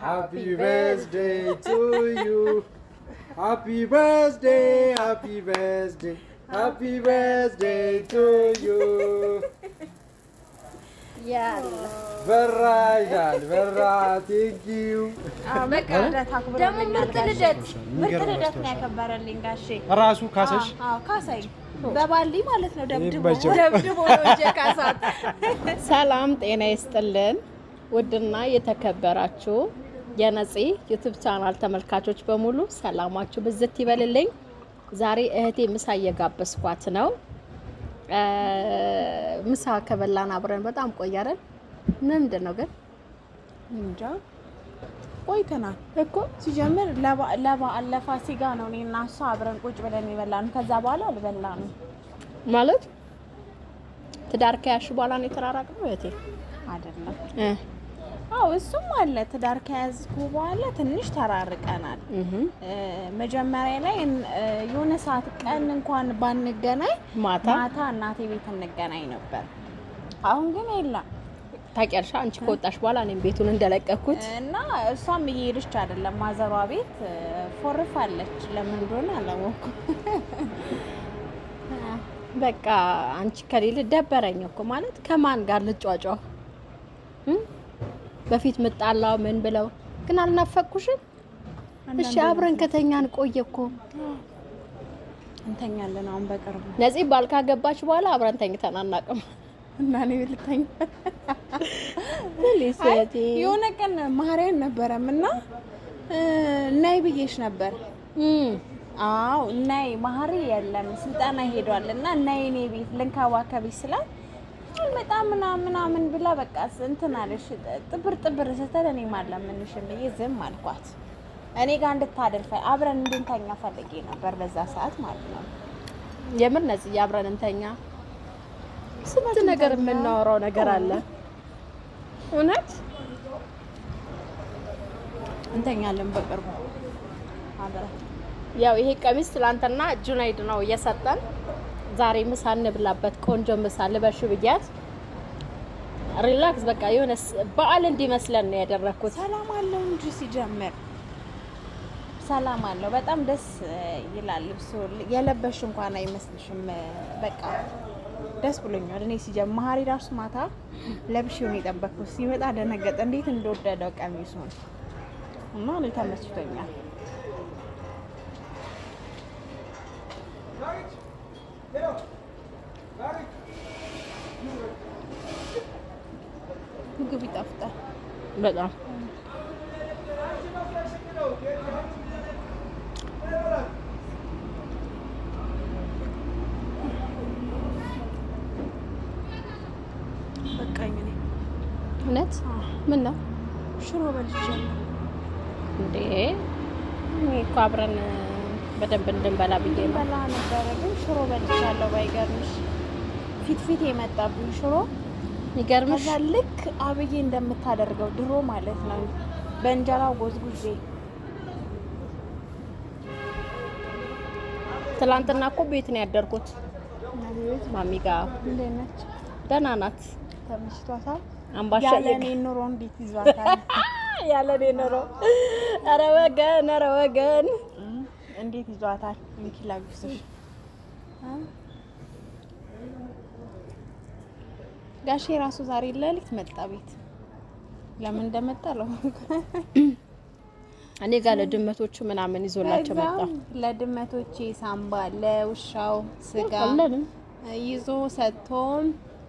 Happy birthday to you. Happy birthday, happy birthday, happy birthday to you. በራ ይላል በራ ቴንኪው ደግሞ ምርጥ ልደት ምርጥ ልደት ነው ያከበረልኝ ጋሼ ራሱ ካሰሽ ካሳይ በባሊ ማለት ነው ደብድቦ ደብድቦ ካሳት ሰላም ጤና ይስጥልን ውድና የተከበራችሁ የነፂ ዩቱብ ቻናል ተመልካቾች በሙሉ ሰላማችሁ ብዝት ይበልልኝ። ዛሬ እህቴ ምሳ እየጋበዝኳት ነው። ምሳ ከበላን አብረን በጣም ቆያረን። ምንድን ነው ግን እንጃ ቆይተናል እኮ ሲጀምር ለበዓል ለፋሲካ ነው። እኔ እና እሷ አብረን ቁጭ ብለን የበላን ከዛ በኋላ አልበላንም ማለት ትዳር ከያሽ በኋላ ነው የተራራቅነው እህቴ አይደለም አው እሱም አለ። ትዳር ከያዝኩ በኋላ ትንሽ ተራርቀናል። መጀመሪያ ላይ የሆነ ሰዓት ቀን እንኳን ባንገናኝ ማታ ማታ እናቴ ቤት እንገናኝ ነበር። አሁን ግን የለም። ታውቂያለሽ፣ አንቺ ከወጣሽ በኋላ እኔም ቤቱን እንደለቀኩት እና እሷም እየሄደች አይደለም። ማዘሯ ቤት ፎርፋለች። ለምን እንደሆነ አላወኩም። በቃ አንቺ ከሌለ ደበረኝ እኮ ማለት ከማን ጋር ልጫጫው በፊት ምጣላው ምን ብለው ግን አልናፈቅኩሽም። እሺ አብረን ከተኛን ቆየ እኮ እንተኛለን። አሁን በቅርቡ ነፂ ባል ካገባች በኋላ አብረን ተኝተን አናውቅም። እና እኔ ልተኛ የሆነ ቀን ማርያን ነበረም እና እናይ ብዬሽ ነበር። አው ናይ ማሪ የለም ስልጠና ሄዷል እና እናይ እኔ ቤት ልንከባከብሽ ስላት በጣም ምናምን ምናምን ብላ በቃ እንትን አለሽ ጥብር ጥብር ስትል እኔ ማለምንሽም ብዬ ዝም አልኳት። እኔ ጋር እንድታደርፈ አብረን እንድንተኛ ፈልጌ ነበር በዛ ሰዓት ማለት ነው። የምር ነጽዬ አብረን እንተኛ። ስንት ነገር የምናወራው ነገር አለ። እውነት እንተኛለን በቅርቡ ያው ይሄ ቀሚስ ትላንትና ጁናይድ ነው እየሰጠን ዛሬ ምሳ እንብላበት ቆንጆ ምሳ ልበሽ ብያት ሪላክስ በቃ የሆነ በዓል እንዲመስለን ነው ያደረኩት። ሰላም አለው እንጂ ሲጀምር ሰላም አለው። በጣም ደስ ይላል። ልብሱ የለበሽ እንኳን አይመስልሽም። በቃ ደስ ብሎኛል። እኔ ሲጀምር መሀሪ ራሱ ማታ ለብሽ ለብሼውን የጠበቅኩት ሲመጣ ደነገጠ። እንዴት እንደወደደው ቀሚሱን እና እኔ ተመችቶኛል። በጣም እውነት ምን ነው ሽሮ በልቻለሁ እንዴ? እኮ አብረን በደንብ እንድንበላ ብዬ በላ ነበረ፣ ግን ሽሮ በልቻለሁ። ባይገርምሽ ፊትፊት የመጣብኝ ሽሮ ይገርምሽ። ልክ አብዬ እንደምታደርገው ድሮ ማለት ነው በእንጀራ ጎዝጉዜ። ትላንትና እኮ ቤት ነው ያደርኩት ማሚ ጋር። ደህና ናት። ተመችቷታል። አምባሻ ያለኔ ኑሮ እንዴት ይዟታል? ያለኔ ኑሮ ኧረ ወገን ኧረ ወገን እንዴት ይዟታል? ሚኪ ላግዝሽ ጋሼ ራሱ ዛሬ ለሊት መጣ ቤት። ለምን እንደመጣ እኔ ጋር ለድመቶቹ ምናምን ይዞላቸው መጣ። ለድመቶቹ ሳምባ ለውሻው ስጋ ይዞ ሰጥቶ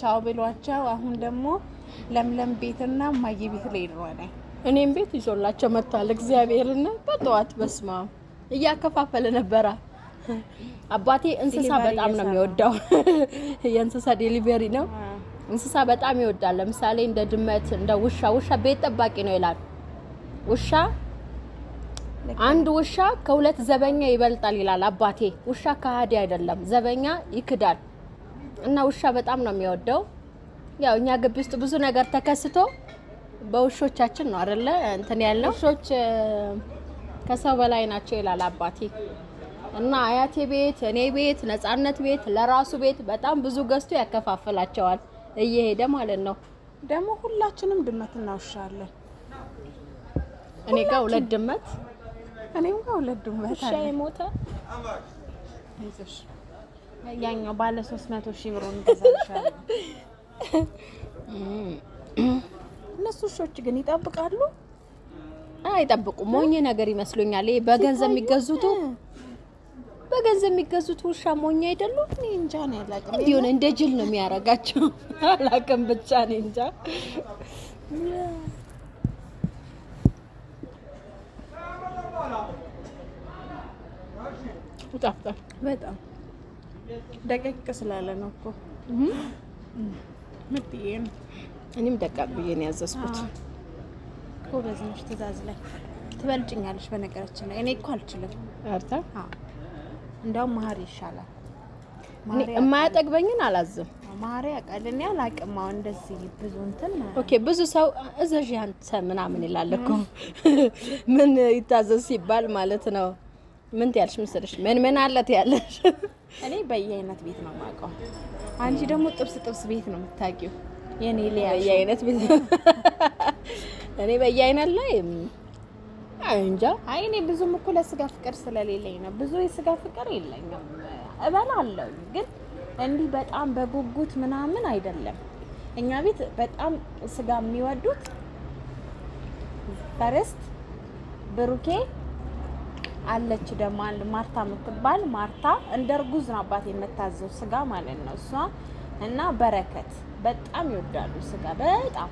ቻው ብሏቸው፣ አሁን ደግሞ ለምለም ቤትና ማየ ቤት ላይ ነው። እኔም ቤት ይዞላቸው መጥቷል። እግዚአብሔርና በጠዋት በስማ እያከፋፈለ ነበረ አባቴ እንስሳ በጣም ነው የሚወዳው። የእንስሳ ዴሊቨሪ ነው እንስሳ በጣም ይወዳል። ለምሳሌ እንደ ድመት፣ እንደ ውሻ ውሻ ቤት ጠባቂ ነው ይላል። ውሻ አንድ ውሻ ከሁለት ዘበኛ ይበልጣል ይላል አባቴ። ውሻ ከሃዲ አይደለም፣ ዘበኛ ይክዳል። እና ውሻ በጣም ነው የሚወደው። ያው እኛ ግቢ ውስጥ ብዙ ነገር ተከስቶ በውሾቻችን ነው አይደለ እንትን ያለው። ውሾች ከሰው በላይ ናቸው ይላል አባቴ። እና አያቴ ቤት፣ እኔ ቤት፣ ነጻነት ቤት፣ ለራሱ ቤት በጣም ብዙ ገዝቶ ያከፋፍላቸዋል። እየሄደ ማለት ነው። ደግሞ ሁላችንም ድመት እናውሻለን። እኔ ጋር ሁለት ድመት፣ እኔም ጋር ሁለት ድመት። ውሻ የሞተ ያኛው ባለ 300 ሺህ ብር እንገዛልሻለን። እነሱ ውሾች ግን ይጠብቃሉ? አይጠብቁም። ሞኝ ነገር ይመስሉኛል። ይሄ በገንዘብ የሚገዙት በገንዘብ የሚገዙት ውሻ ሞኝ አይደሉም። እኔ እንጃ ነው ያላቅም። እንዲሆነ እንደ ጅል ነው የሚያረጋቸው። አላቅም ብቻ ነው እንጃ። ይጣፍጣል በጣም ደቀቅ ስላለ ነው እኮ ነው። እኔም ደቃቅ ብዬ ነው ያዘዝኩት። ጎበዝ ነሽ። ትእዛዝ ላይ ትበልጭኛለሽ። በነገራችን ላይ እኔ እኮ አልችልም። አርታ እንዳውም ማሪ ይሻላል። የማያጠግበኝን አላዝም። ማሪ ያቀልን አላቅም። አሁን እንደዚህ ብዙ እንትን ኦኬ፣ ብዙ ሰው እዘዥ አንተ ምናምን ይላል እኮ ምን ይታዘዝ ሲባል ማለት ነው። ምን ትያለሽ መሰለሽ? ምን ምን አለት ያለሽ? እኔ በየአይነት ቤት ነው የማውቀው። አንቺ ደግሞ ጥብስ ጥብስ ቤት ነው የምታውቂው። የኔ ሊያ በየአይነት ቤት እኔ በየአይነት ላይ እንጃ። አይ እኔ ብዙም እኮ ለስጋ ፍቅር ስለሌለኝ ነው። ብዙ የስጋ ፍቅር የለኝም። እበላለሁ ግን እንዲህ በጣም በጉጉት ምናምን አይደለም። እኛ ቤት በጣም ስጋ የሚወዱት ፈረስት ብሩኬ አለች ደግሞ አንድ ማርታ የምትባል ማርታ እንደ እርጉዝ ነው አባት የምታዘው ስጋ ማለት ነው እሷ እና በረከት በጣም ይወዳሉ ስጋ በጣም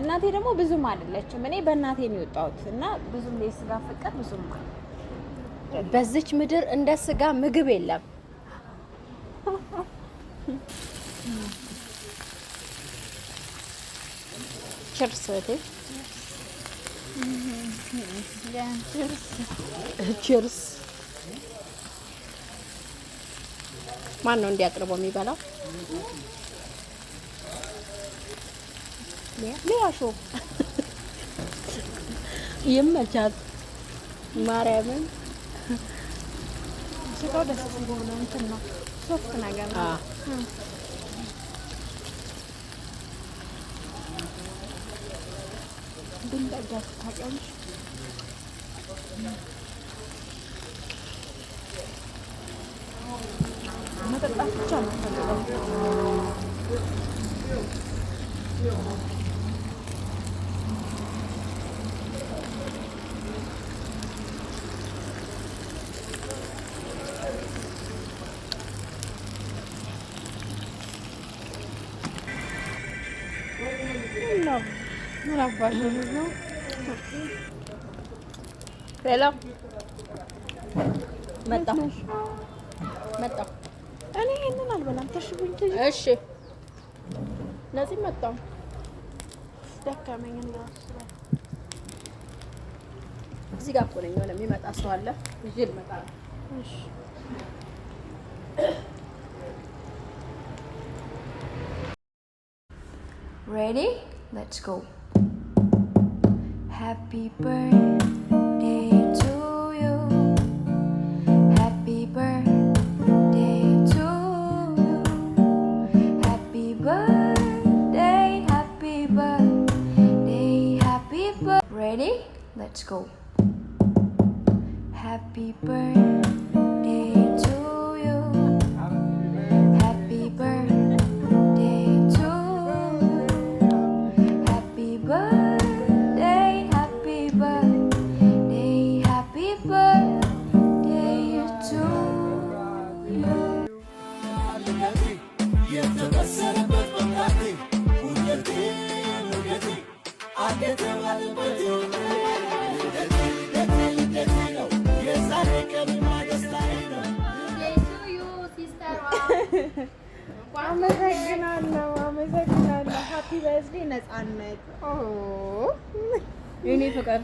እናቴ ደግሞ ብዙም አይደለችም። እኔ በእናቴ ነው የወጣሁት እና ብዙም የስጋ ፍቅር ብዙም በዚች ምድር እንደ ስጋ ምግብ የለም። ችርስ እህቴ፣ ማን ነው እንዲያቅርበው የሚበላው? ሊያሾ ይመቻት ማርያምን ስጋው ደስ ሲሆን እንትን ነው ሶፍት ነገር ነው። መጠጣት ብቻ ነው ሄሎ መጣሁ መጣሁ። እኔ ይሄንን አልበላም። ተሽጉኝ እሺ። ለዚህ መጣሁ ደከመኝ። እዚህ ጋር እኮ ነኝ። የሚመጣ ሰው አለ። ይዤ ልመጣ ነው። እሺ ሬዲ ሌትስ ጎ Happy birthday to you. Happy birthday to you. Happy birthday, happy birthday, happy birthday. Ready? Let's go. Happy birthday. አመሰግናለሁ አመሰግናለሁ። ሀፒ በርዝዴ ነፃነት የእኔ ፍቅር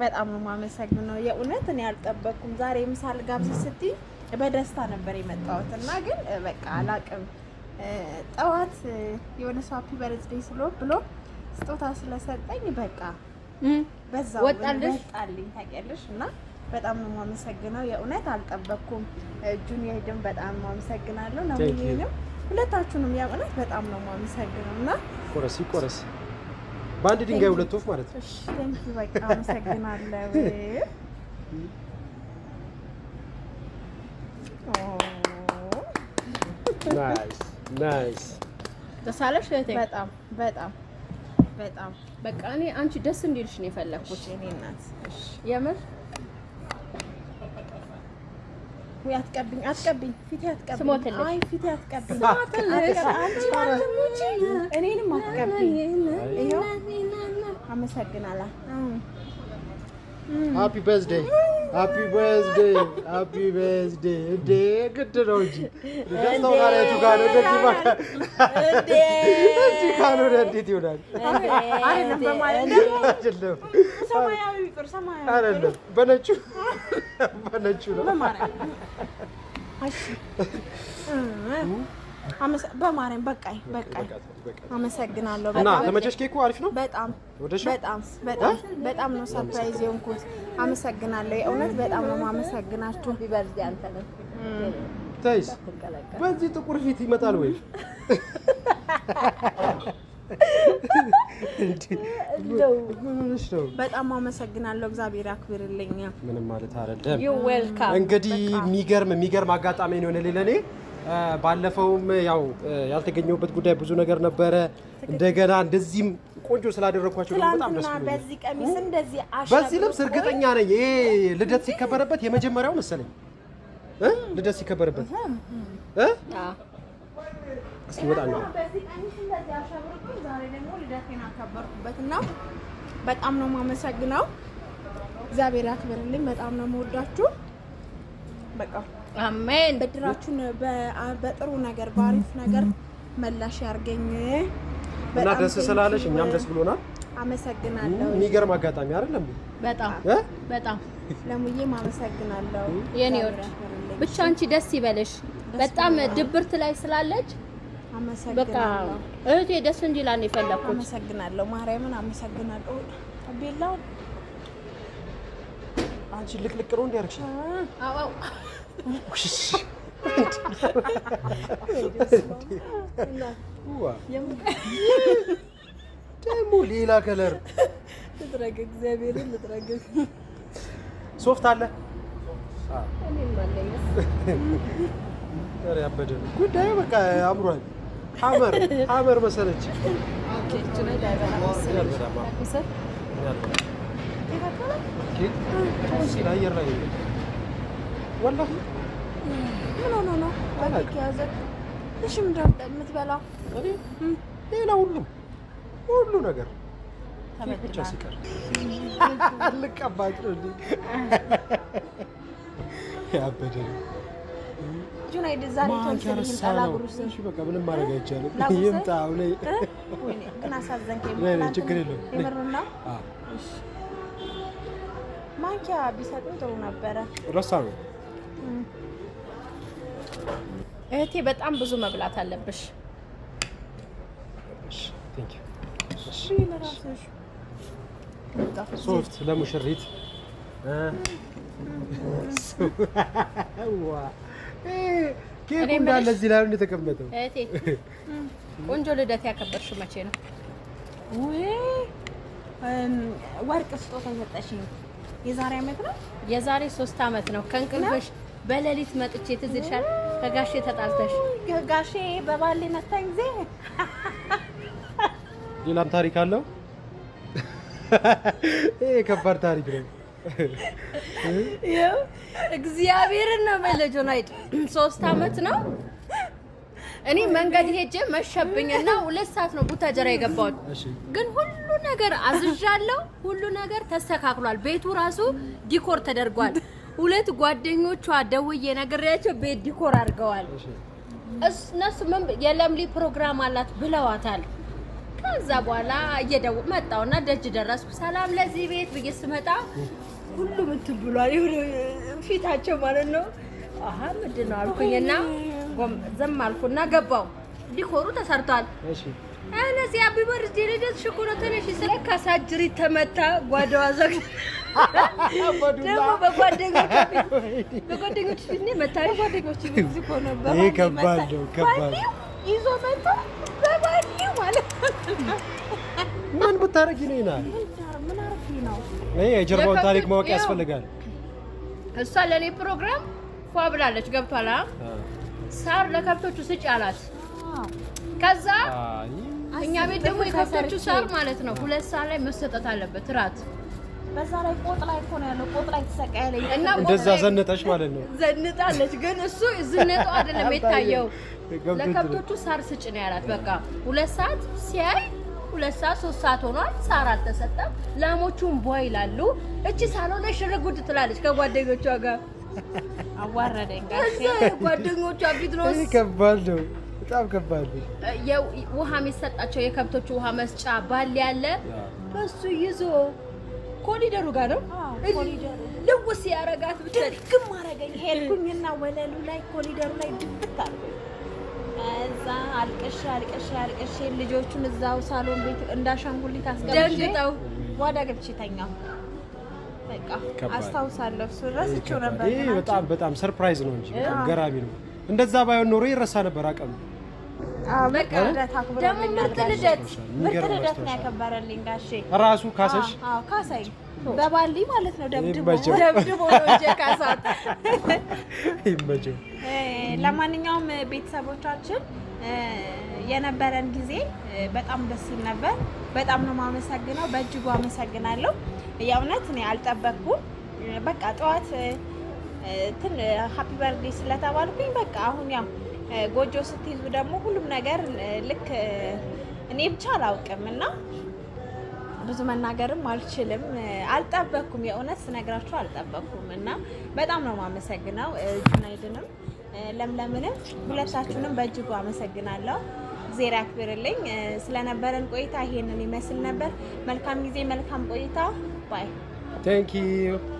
በጣም ነው የማመሰግነው። የእውነት እኔ አልጠበኩም። ዛሬ ምሳ ልጋብዝ ስትይ በደስታ ነበር የመጣሁት እና ግን በቃ አላቅም ጠዋት የሆነ ሰው ሀፒ በርዝዴ ስሎ ብሎ ስጦታ ስለሰጠኝ በቃ በዛው ወጣልኝ ታውቂያለሽ። እና በጣም ነው የማመሰግነው። የእውነት አልጠበኩም። ጁኒየርም በጣም ማመሰግናለሁ ነው ይሄንም ሁለታችሁንም የእውነት በጣም ነው የማመሰግነው። እና ቆረሲ ቆረሲ በአንድ ድንጋይ ሁለት ወፍ ማለት ነው። በቃ አመሰግናለሁ። ናይስ ናይስ። ደስ በጣም በጣም በጣም በቃ እኔ አንቺ ደስ እንዲልሽ ነው የፈለኩት። እኔ እናት የምር ወይ አትቀብኝ፣ አትቀብኝ፣ ፊቴ አትቀብኝ፣ ስሞትልሽ። አይ ፊቴ አትቀብኝ፣ ስሞትልሽ። እኔንም አትቀብኝ። ይኸው አመሰግናለሁ። ሃፒ በርዝዴይ ሃፒ በርዝዴ ሃፒ በርዝዴ። እንዴ ግድ ነው እንጂ ደስተው ጋር ጋር ነው? እንደዚህ ካልሆነ እንዴት ይሆናል? አይደለም በነጩ በነጩ ነው በማርያም በቃኝ በቃኝ። አመሰግናለሁ። እና ተመቸሽ? ኬኩ አሪፍ ነው። በጣም በጣም በጣም በጣም ነው ሰርፕራይዝ የሆንኩት። አመሰግናለሁ። የእውነት በጣም ነው ማመሰግናችሁ። ቢበርዝ ያንተነው ታይስ በዚህ ጥቁር ፊት ይመጣል ወይ? በጣም አመሰግናለሁ። እግዚአብሔር ያክብርልኝ። ምንም ማለት አይደለም። እንግዲህ የሚገርም የሚገርም አጋጣሚ ነው የሆነ ባለፈውም ያው ያልተገኘሁበት ጉዳይ ብዙ ነገር ነበረ። እንደገና እንደዚህም ቆንጆ ስላደረኳቸው ደግሞ በጣም ደስ ብሎኛል። በዚህ ቀሚስ እንደዚህ አሻ በዚህ ልብስ እርግጠኛ ነኝ ይሄ ልደት ሲከበረበት የመጀመሪያው መሰለኝ እ ልደት ሲከበረበት እ እስኪ ወጣ ነው በዚህ ቀሚስ እንደዚህ አሻብሮኝ ዛሬ ደግሞ ልደቴን አከበርኩበትና በጣም ነው የማመሰግነው። እግዚአብሔር ያክብርልኝ። በጣም ነው የምወዳችሁ። በቃ አሜን። ብድራችሁን በጥሩ ነገር በአሪፍ ነገር መላሽ ያርገኝ እና ደስ ስላለሽ እኛም ደስ ብሎናል። አመሰግናለሁ። የሚገርም አጋጣሚ አይደለም? በጣም በጣም ለሙዬም አመሰግናለሁ። የኔ ወድ ብቻ አንቺ ደስ ይበለሽ። በጣም ድብርት ላይ ስላለች በቃ እህቴ ደስ እንዲላ ነው የፈለኩት። አመሰግናለሁ። ማርያምን አመሰግናለሁ። ቤላ አንቺ ልቅልቅ ነው እንዲያርግሽ። አዎ ደግሞ ሌላ ከለር ልጥረግ፣ እግዚአብሔርን ልጥረግ። ሶፍት አለ ያበደ ጉዳዩ በቃ አምሯል። ሀመር ሀመር መሰለች አየር ላይ ወላሂ ምን ሆኖ ነው ያዘ? እሺ ምንድን ነው የምትበላው? ሌላ ሁሉም ሁሉ ነገር ብቻ ሲቀር ልቀባጭ ነው ያበደ ጁናይድ ዛሬ ቶንሲል በቃ ምንም ማድረግ አይቻልም። ይምጣ ግን አሳዘንከኝ። ችግር የለውም። ማንኪያ ቢሰጡን ጥሩ ነበረ። ረሳ ነው እህቴ፣ በጣም ብዙ መብላት አለብሽ። ሶፍት ለሙሽሪት ኬኩ እንዳለ እዚህ ላይ ነው የተቀመጠው። ቆንጆ ልደት ያከበርሽው መቼ ነው? ወርቅ ስጦታ ሰጠሽኝ። የዛሬ አመት ነው የዛሬ ሶስት አመት ነው። ከእንቅልፍሽ በሌሊት መጥቼ ትዝ ይልሻል። ከጋሼ ተጣልተሽ ጋሼ በባሌ መታኝ ጊዜ ሌላም ታሪክ አለው። ይሄ ከባድ ታሪክ ነው። ይኸው እግዚአብሔርን ነው መለጆን አይደል ሶስት አመት ነው እኔ መንገድ ሄጄ መሸብኝና ሁለት ሰዓት ነው ቡታጀራ የገባሁት። ግን ሁሉ ነገር አዝዣለሁ። ሁሉ ነገር ተስተካክሏል። ቤቱ ራሱ ዲኮር ተደርጓል። ሁለት ጓደኞቿ ደውዬ ነግሬያቸው ቤት ዲኮር አድርገዋል። እነሱ የለምሊ ፕሮግራም አላት ብለዋታል። ከዛ በኋላ እየደው መጣውና ደጅ ደረስኩ። ሰላም ለዚህ ቤት ብዬ ስመጣ ሁሉም እንትን ብሏል። ፊታቸው ማለት ነው። አሀ ምንድን ነው አልኩኝና ዘም አልኩና ገባው። ዲኮሩ ተሰርቷል። እነዚህ ሃፒ በርዝዴ ልደት ሽኩሮ ተነሽ ስለ ካሳጅሪ ተመታ ጓዳዋ ዘግ ደግሞ በጓደኞች ፊት መታ ጓደኞች ነበር። ይሄ ከባድ ነው። ከባድ ይዞ መጣ ማለት ምን ብታረጊ ነው ይሄ የጀርባውን ታሪክ ማወቅ ያስፈልጋል። እሷ ለኔ ፕሮግራም ፏ ብላለች። ገብቷል። ሳር ለከብቶቹ ስጭ አላት። ከዛ እኛ ቤት ደግሞ የከብቶቹ ሳር ማለት ነው ሁለት ሰዓት ላይ መሰጠት አለበት እራት በዛ ላይ ቆጥ ላይ እኮ ነው ያለው። ቆጥ ላይ እና እንደዛ ዘነጠች ማለት ነው። ዘንጣለች ግን እሱ ዝነጡ አይደለም የታየው። ለከብቶቹ ሳር ስጭ ነው ያላት። በቃ ሁለት ሰዓት ሲያይ ሁለት ሰዓት ሶስት ሰዓት ሆኗል። ሳር አልተሰጠም። ላሞቹን ይላሉ። እቺ ሳሎ ላይ ሽርጉድ ትላለች ከጓደኞቿ ጋር አዋረደኝ። ከባድ ነው፣ በጣም ከባድ ነው። ውሃ የሚሰጣቸው የከብቶች ውሃ መስጫ ባል ያለ በሱ ይዞ ኮሊደሩ ጋር ነው ልውስ ያረጋት ብቻ ድግም አረገኝ። ሄድኩኝና ወለሉ ላይ ኮሊደሩ ላይ ድብት እዛ አልቅሼ አልቅሼ አልቅሼ ልጆቹን እዛው ሳሎን ቤት እንዳሻንጉሊት አስገብቼ ዋዳ ገብቼ ተኛሁ። አስታውሳለሁ። ነበር። በጣም በጣም ሰርፕራይዝ ነው እንጂ ገራሚ ነው። እንደዛ ባይሆን ኖሮ ይረሳ ነበር። አቀም ደግሞ ምርጥ ልደት ምርጥ ልደት ነው ያከበረልኝ ጋሼ ራሱ ካሰሽ ካሳይ በባሊ ማለት ነው። ደብድቦ ደብድቦ ነው ካሳት ለማንኛውም ቤተሰቦቻችን የነበረን ጊዜ በጣም ደስ ይል ነበር። በጣም ነው የማመሰግነው፣ በእጅጉ አመሰግናለሁ። የእውነት እኔ አልጠበቅኩም። በቃ ጠዋት እንትን ሀፒ በርዴ ስለተባልኩኝ በቃ አሁን ያው ጎጆ ስትይዙ ደግሞ ሁሉም ነገር ልክ እኔ ብቻ አላውቅም እና ብዙ መናገርም አልችልም። አልጠበቅኩም፣ የእውነት ስነግራችሁ አልጠበቅኩም እና በጣም ነው የማመሰግነው ጁናይድንም ለምለምንም ሁለታችሁንም በእጅጉ አመሰግናለሁ። እግዜር ያክብርልኝ። ስለነበረን ቆይታ ይሄንን ይመስል ነበር። መልካም ጊዜ፣ መልካም ቆይታ። ባይ ዩ